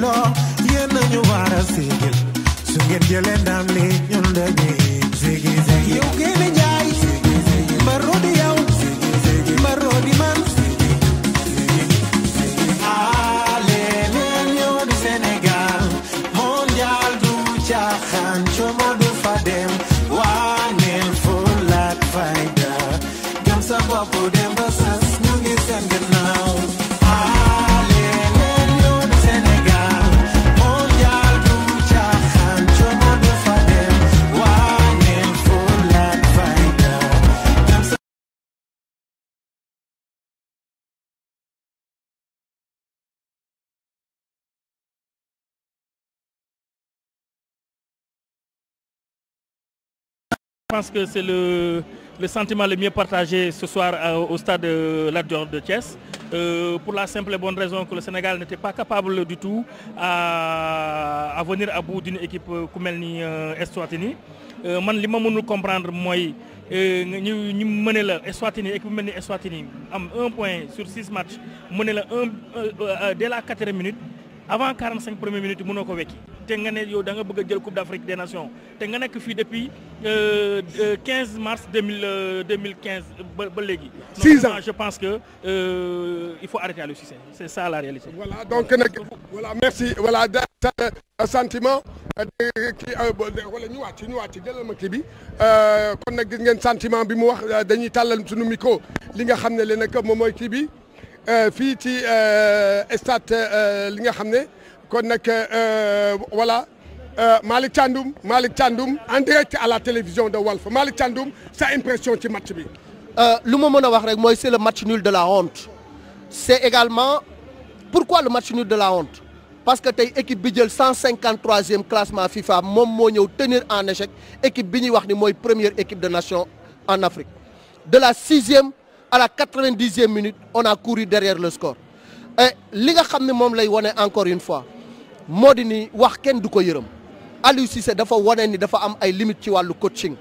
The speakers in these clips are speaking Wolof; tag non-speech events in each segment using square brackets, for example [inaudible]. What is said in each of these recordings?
loo yéen nañu war a sigil su ngeen jëlee ndam li ñun dañuy sigi sigi yow Je pense que c'est le, le, sentiment le mieux partagé ce soir à, euh, au stade de euh, la de Thiès. Euh, pour la simple et bonne raison que le Sénégal n'était pas capable du tout à, à venir à bout d'une équipe euh, ku mel ni Eswatini man li ma mënul comprendre mooy ñu ñu mëne la Eswatini équipe mel ni Eswatini am un point sur six matchs mëne la un dès la quatrième minute avant 45 premières minutes mënoo ko wekki te nga ne yow da nga bëgg a jël coupe d'Afrique des nations te nga nekk fii depuis 15 euh, euh, mars euh, ba léegi. 6 ans je pense que euh, il faut arrêter Aliou Cissé c'est ça la réalité. voilà donc nag voilà merci voilà da sentiment kii wala ñu wàcc ñu wàcc jëlal ma kii bi kon nag gis ngeen sentiment bi mu wax dañuy tàllal suñu micro li nga xam ne le nag moom mooy kii bi. Euh, fii ci euh, stade euh, li nga xam ne kon nag voilà Malick Thiandoum Malick Thiandoum en direct à la télévision de Walf Malick Thiandoum sa impression ci match bi. lu ma mën a wax rek mooy c'est le match nul de la honte c'est également pourquoi le match nul de la honte parce que tey équipe bi jël 153e classement FIFA moom moo ñëw tenir en échec équipe bi ñuy wax ni mooy première équipe de nation en Afrique de la sixième. à la quatre-vingt-dixième minute on a couru derrière le score et li nga xam ne moom lay wane encore une fois moo di ni wax kenn du ko yërëm Aliou Cissé dafa wane ni dafa am ay limites ci wàllu coaching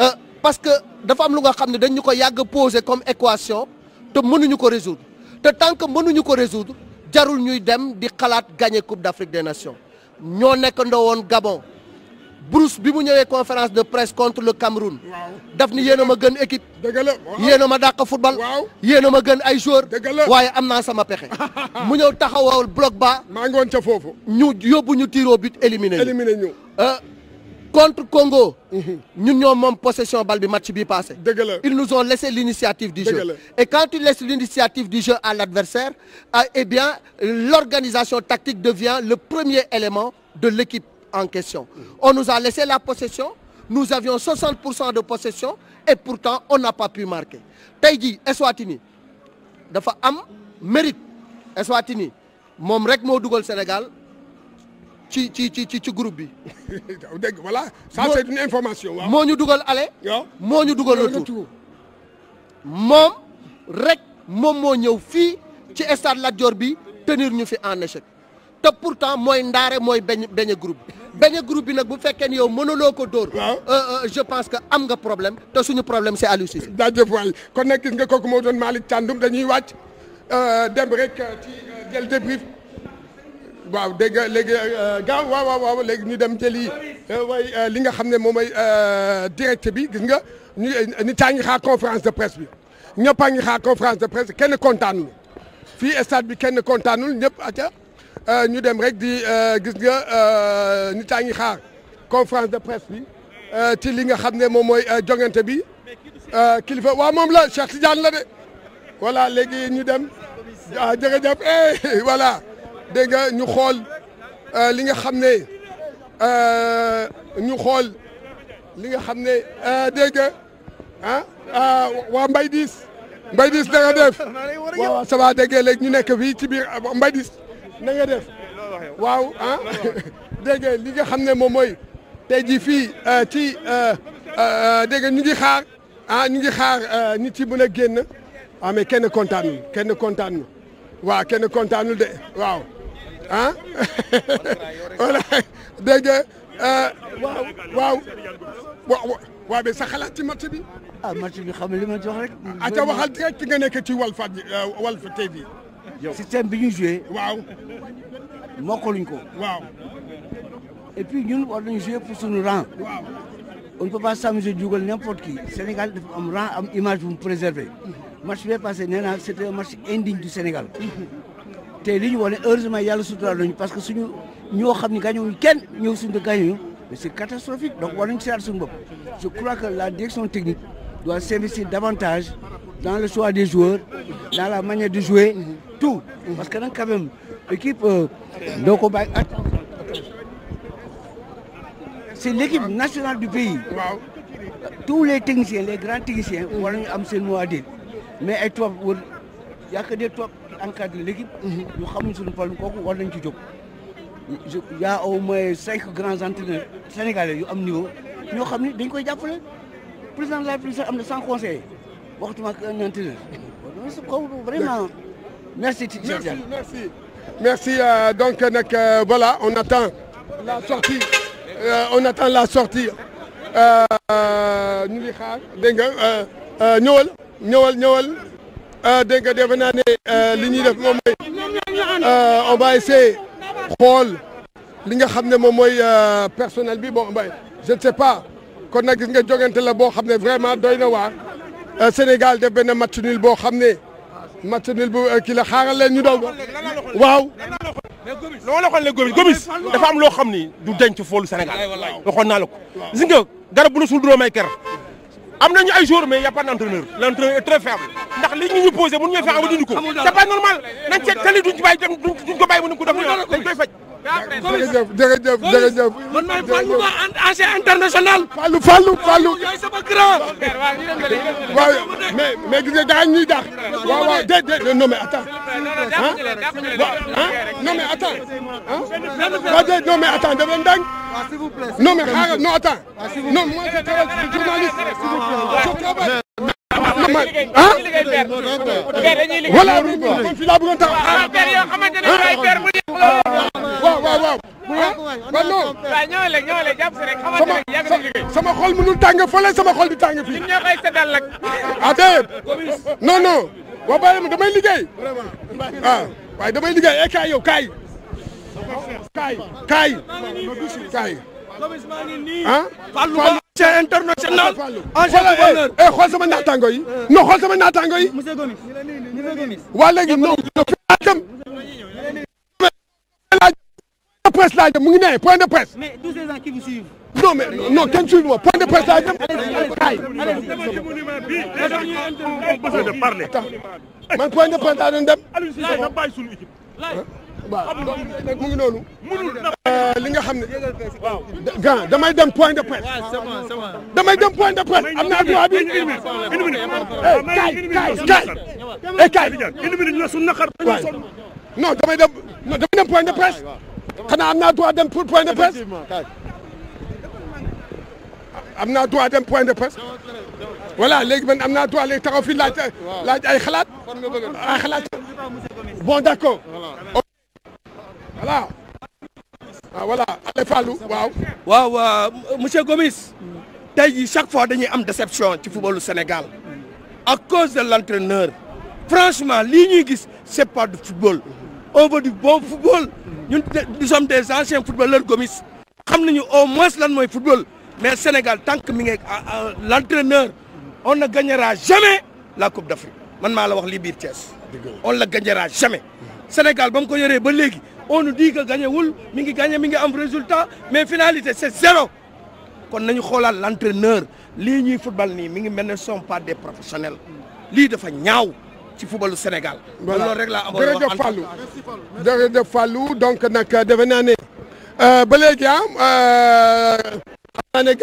euh, parce que dafa am lu nga xam ne dañu ko yàgg poser comme équation te mënuñu ko résoudre te tant que mënuñu ko résoudre jarul ñuy dem di xalaat gagner Coupe d'Afrique des Nations ñoo nekk ndoo woon Gabon Bruce bi mu ñëwee conférence de presse contre le Cameroun. daf ni yéen a ma gën équipe. dëgg la yéen a ma dàq football. waaw yéen a ma gën ay joueur waaye am naa sama pexe. [laughs] mu ñëw taxawal bloc bas. maa ngi woon ca foofu. ñu yóbbu ñu tiro but éliminé ñu. éliminé euh, contre Congo. ñun ñoom moom possession bal bi match bi passé. dëgg la ils nous ont laissé l'initiative du jeu. et quand tu laisses l'initiative du jeu à l'adversaire euh, eh bien l'organisation tactique devient le premier élément de l'équipe en question. On nous a laissé la possession, nous avions 60% de possession et pourtant on n'a pas pu marquer. tey jii Eswatini dafa am mérite Eswatini moom rek moo dugal Sénégal ci ci ci ci groupe bi. [laughs] dégg voilà ça information. moo ñu dugal aller. moo ñu dugal retour moom rek moom moo ñëw fii ci stade Lat Dior bi tenir ñu fi en échec. te pourtant mooy ndaare mooy beñ beñe groupe bi beñe groupe bi nag bu fekkee ni yow mënuloo ko dóor euh, euh, je pense que am nga problème te suñu problème c'est Aliou daa jaajëf waay kon nag gis nga kooku moo doon Malick Thiandoum dañuy wàcc euh, dem rek ci jël débrief waaw dégg nga léegi gaaw waaw waaw léegi ñu dem jëli way li nga xam ne moom mooy direct bi gis nga ñu nit ñaa ngi xaar conférence de presse bi ñëpp a ngi xaar conférence de presse kenn kontaanul fii estade bi kenn kontaanul ñëpp aca Euh, ñu dem rek di euh, gis nga euh, nit a ngi xaar conférence de presse bi ci li nga xam ne moom mooy jongante bi kilifa waaw moom la Cheikh Tidiane la de voilà léegi ñu dem ah jërëjëf eh [laughs] voilà dégg ñu xool li nga xam ne ñu xool li nga xam ne dégg nga ah, ah waa Mbaye Diis Mbaye Diis da nga def waaw ça ñu nekk fii ci biir Mbaye Diis na nga def waaw ah dégg nga li nga xam ne moom mooy tey jii fii euh, ci euh, euh, dégg nga ñu xaar ah ñu ngi xaar nit yi mën génn ah kenn kontaanul kenn kontaanul waa kenn kontaanul de waaw ah [laughs] voilà dégg waaw waaw waaw mais sa xalaat ci match bi. ah match bi xam li ma ci wax rek. ah ca waxal nga nekk ci Walf Walf TV. système bi ñuy joué. waaw. mokkaluñ ko. waaw. et puis ñun war nañu jouer pour suñu rang. waaw. on ne peut pas s'amuser dugal n'importe qui Sénégal dafa am rang am image bu mu préserver match bi passé nee naa c'était un match indigne du Sénégal te li ñu wane heureusement yàlla suturaal nañu parce que suñu ñoo xam ne gaañu kenn ñëw suñu de gaañu mais c'est catastrophique donc war nañu seetaat suñu bopp je crois que la direction technique doit s'investir davantage dans le choix des joueurs dans la manière de jouer tout. parce que nag quand même équipe euh, doo ko bàyyi at. c'est l'équipe nationale du pays. waaw tous les techniciens les grands techniciens. war nañu am seen mot à dire mais ay tubaab wër y a que des tubaab qui encadrent l'équipe. Mhm. ñu xamuñ suñu problème kooku war nañ ci jóg. y a au moins cinq grands entraîneurs sénégalais yu am niveau ñoo xam ni dañ koy jàppale président de la République am na cent conseillers waxtuma ak un entraîneur. Merci, Tidiane. Merci, donc, nag voilà, on attend la sortie. Euh, on attend la sortie. ñu ngi xaar dégg nga ñëwal ñëwal ñëwal dégg nga defe naa ne li ñuy def moom mooy on va essayer xool li nga xam ne moom mooy personnel bi bon mbay je ne sais pas kon nag gis nga jogante la boo xam ne vraiment doy na waar Sénégal def benn match nul boo xam ne. match nul bu kii la xaaral leen ñu daw ba waaw. loo la waxoon ne Gomis Gomis dafa am loo xam ni du denc foolu Sénégal waxoon naa la ko. gis nga garab bu la suul doo may ker am nañu ay joueurs mais y' a pas d' entraîneur l' entraîneur est très faible ndax ñu ñu posé mënuñu fexe ba dindi ko c' est pas normal nañ seet tali duñ ci bàyyi duñ ko bàyyi mu ne ko def dañ koy faj. jërëjëf jërëjëf jërëjëf. man maay Fallou Ba ancien international. Fallou Fallou Fallou. yooyu sama mais mais gis nga daañu ñuy dàq. waaw waaw déedéet non mais attends. ah non mais attends. ah waaw déedéet non mais attends daf leen daañu. non man noonu waaw ñoo leen ñoo leen jàpp si rek xamante ne yàgg nañu liggéey sama xol mënul tàng fële sama xol di tàng fii ñun ñoo koy seddal nag ah, damay liggéey ah waaye damay liggéey eh kaay yow kaay kaay kaay kaay ah Fallou c'est international eh, eh xool sama naataango yi non xool sama naataango yi waa léegi non presse laa jëm mu ngi ne point de presse. mais tous ces gens qui vous suivent. non mais non kenn suivre ma point de presse laa jëm. man point de presse laa doon dem. waaw donc mu ngi noonu. Euh, li nga xam ne. waaw gan damay dem point de presse. damay dem point de presse am naa droit bi. kay kay kay. Eh, kay. non damay dem non damay dem point de presse. xanaa am naa droit dem point de presse am naa droit dem point de presse voilà léegi man am naa droit léegi taxaw fi laaj ay xalaat ay xalaat bon d'accord voilà ah voilà waaw. waaw monsieur Gomis tey chaque fois dañuy am déception ci footballu Sénégal à cause de l'entraîneur franchement lii ñuy gis c'est pas du football on veut du bon football. ñun nous sommes des anciens footballeurs gomis xam nañu au moins lan mooy football mais Sénégal tant que mi ngi l' entraîneur on ne gagnera jamais la coupe d' Afrique man maa la wax lii biir Thiès. on la gagnera Sénégal ba mu ko yoree ba léegi on nous dit que gagné wul mi ngi gagné mi ngi am résultat mais finalité c' est zéro kon nañu xoolaat l' entraîneur lii ñuy football ni mi ngi mel ne sont pas des professionnels lii dafa ñaaw. ci footballu Sénégal. voilà loolu rek laa donc nag defe naa ne. Euh, ba ah, euh, kay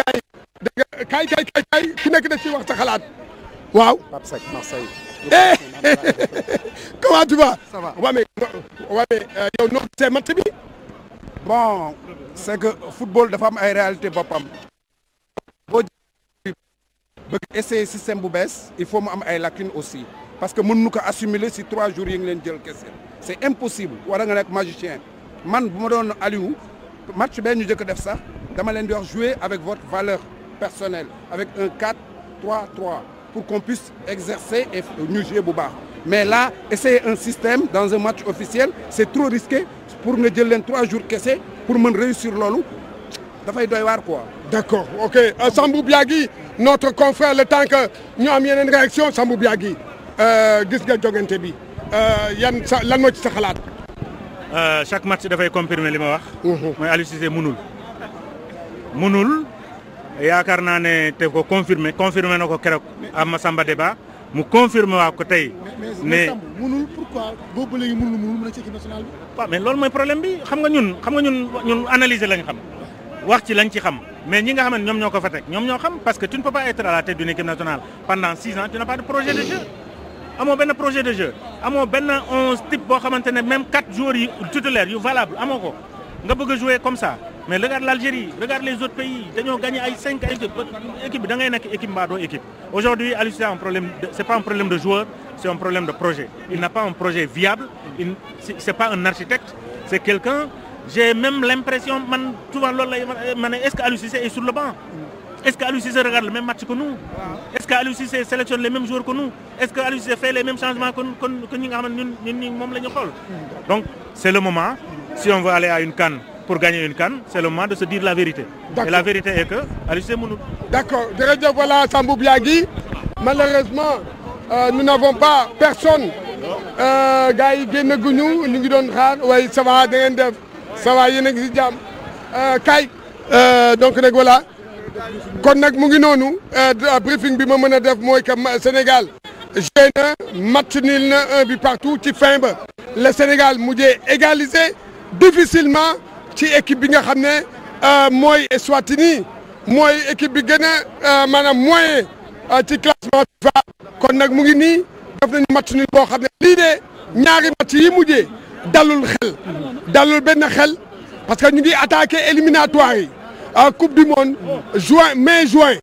kay kay kay ku nekk da ciy wax sa xalaat waaw. Pape Seck Marseille. Eh, [laughs] comment euh, yow noo gisee match bon c' que football dafa am ay réalité boppam. boo bëgg essayer système bu bees il faut mu am ay lacunes aussi. parce que mënuñu ko assimiler si trois jours yi ngi leen jël kese c' est impossible war a nga nekk magicien man bu ma doon Aliou match bee ñu jëkk def sa dama leen di wax jouer avec votre valeur personnelle avec un 4 trois 3 pour qu'on puisse exercer et ñu jouer bu baax mais là essayer un système dans un match officiel c' est trop risqué pour nga jël leen trois jours kese pour mën réussir loolu dafay doy waar quoi. d' accord ok euh, Sambou Biagui notre confrère le temps que ñu am yeneen réaction Sambou Biagui Euh, gis nga jogante bi euh, yan sa lan moo ci sa xalaat. Euh, chaque match dafay confirmer li ma wax. Mhm. mooy Aliou Cissé munul. munul yaakaar naa ne te ko confirmer confirmer na ko keroog am Massamba Déba mu confirmer waa ko tey. mais munul pourquoi boobu léegi munul munul mën a ci équipe mooy problème bi xam nga ñun xam nga ñun ñun analyser lañ xam. wax ci lañ ci xam mais ñi nga xam ñoom ñoo ko fa teg ñoom ñoo xam parce que tu ne peux pas être à la tête nationale pendant six ans tu n'as pas de projet de jeu. amoo benn projet de jeu amoo benn onze type boo xamante ne même quatre joueurs yi titulaires yu valable amoo ko nga bëgg a comme ça mais regarde l'Algérie regarde les autres pays dañoo gagné ay cinq équipe équipe bi da ngay aujourd'hui Aliou un problème de joueur c'est un problème de projet il n'a pas un projet viable il c'est pas un architecte c'est quelqu'un j'ai même l'impression man souvent loolu lay ma est-ce que Aliou Cissé sur le banc Est-ce qu'Aliou Cissé regarde le même match que nous Est-ce qu'Aliou Cissé sélectionne les mêmes joueurs que nous Est-ce qu'Aliou Cissé fait les mêmes changements que ñi nga xam ne ñun donc c'est le moment si on veut aller à une CAN pour gagner une CAN c'est le moment de se dire la vérité et la vérité est que Aliou Cissé mënul d'accord jërëjëf voilà Sambou Biagui malheureusement euh, nous n'avons pas personne euh, gars yi génn guñu ñu ngi doon xaar waaye ça va da ngeen def ça va a ngi si jàmm euh, kay kon nag mu ngi noonu euh, briefing bi ma mën a def mooy que Sénégal joué na match nul na un but partout ci fin ba le Sénégal mujje égalisé difficilement ci équipe bi nga xam ne euh, mooy Eswatini mooy équipe bi gën a euh, maanaam moyen ci classement FIFA kon nag mu ngi nii def nañu match nul boo xam ne lii de ñaari match yi mujjee dalul xel dalul benn xel parce que ñu ngi attaqué éliminatoire yi à coupe du monde juin mai juin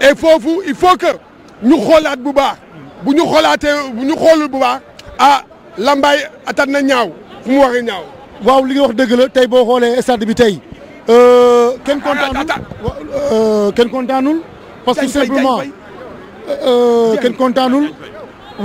et foofu il faut que ñu xoolaat bu baax bu ñu xoolaatee bu ñu xoolul bu baax ah lambaay atat na ñaaw fu mu waxee ñaaw waaw li nga wax dëgg la tey boo xoolee stade bi tey euh, kenn kontaanul euh, kenn kontaanul parce que simplement euh, kenn kontaanul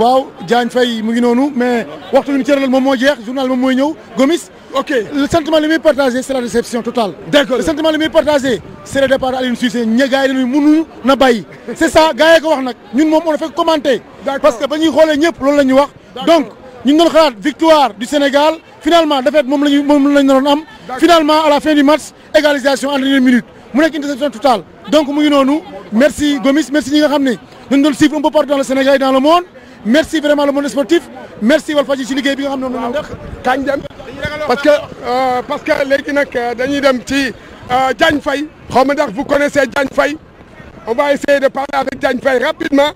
waaw Diagne Faye mu ngi noonu mais waxtu bi ñu cëralal moom moo jeex journal moom mooy ñëw Gomis. ok le sentiment li muy partagé c' la déception totale. d' le sentiment li muy partagé c' est le départ Aliou Cissé ña gars yi dañuy mënuñu na bàyyi. c' ça gars ko wax nag ñun moom on a fait commenter. parce que ba ñuy xoolee ñëpp loolu la ñu wax. donc ñu ngi doon xalaat victoire du Sénégal finalement défaite moom la ñu moom la ñu am. finalement à la fin du match égalisation en dernière minute mu nekk une déception nga xam ne dañu merci vraiment le monde sportif merci Walfadjri ci liggéey bi a xam ne moom la ñu def. dem parce que euh, parce que léegi nag euh, dañuy dem ci euh, Diagne fay xaw ma ndax vous connaissez Diagne Faye on va essayer de parler avec Diagne Faye rapidement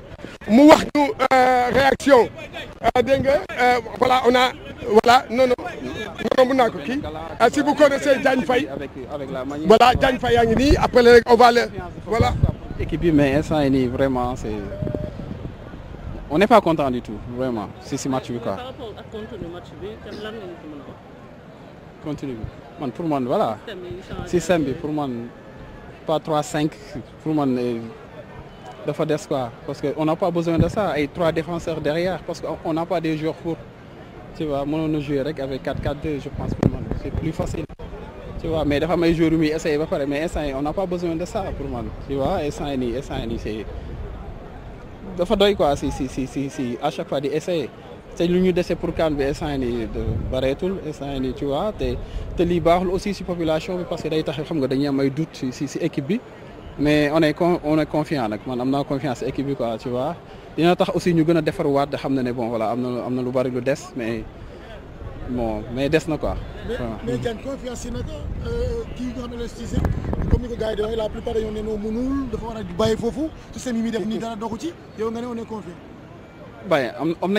mu wax ñu euh, réaction dégg nga voilà on a voilà non non non mën naa ko si vous connaissez Diagne Faye voilà Diagne Faye yaa ngi nii après léegi on va le voilà. équipe bi mais instant yii nii vraiment c'est on n'est pas content du tout vraiment si si match bi quoi. bi lan man pour man voilà. système bi pour man pas 3 cinq pour man eh, dafa des quoi parce que on n'a pas besoin de ça ay trois défenseurs derrière parce que on n'a pas des joueurs pour tu vois mënoon na jouer avec 4-4-2 je pense pour man c'est plus facile. tu vois mais dafa am ay joueurs ba pare mais instant yii on n'a pas besoin de ça pour man tu vois c'est dafa doy quoi si si si si si à chaque lu ñu dese pour kan bi instant nii bareetul instant nii tu vois te te lii baaxul aussi si population bi parce que day tax xam nga dañu am ay doute si si bi mais on est con on est man am naa confiance équipe bi quoi tu vois dina tax aussi ñu gën a defar waat xam na ne bon voilà am na am na lu bari lu des mais. bon mais des na quoi. vraiment mais mais Diagne confiance euh, nga xam la Cissé comme ni ko gars yi di waxee la plupart dañoo ne noo mënul dafa war a bàyyi foofu système yi muy def nii dara doxu ci yow nga ne on est confiant. bàyyi am am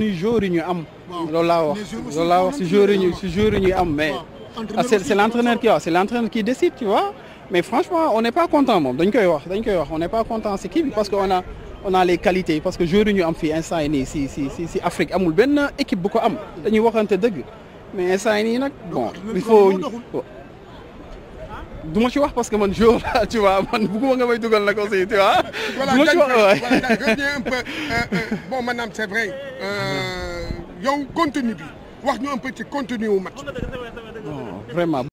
yi ñu am. loolu laa wax loolu laa wax ci joueurs yi am mais. Ah, c'est c'est l'entraîneur qui c'est l'entraîneur qui décide tu vois mais franchement on n'est pas content moom dañ koy wax dañ koy wax on n'est pas content ci kii parce que on a. on a les qualités yi parce que joueurs yi ñu am fii instant yi nii si si si si Afrique amul benn équipe bu ko am dañuy waxante dëgg mais instant yi nii nag bon il faut oh. du ma ci wax parce que man jour la tu vois man bëgguma nga may dugal nag aussi tu vois. voilà du ma ci wax waay un peu euh, euh, bon maanaam c'est vrai euh, yow contenu bi wax ñu un peu ci contenu wu match. vraiment.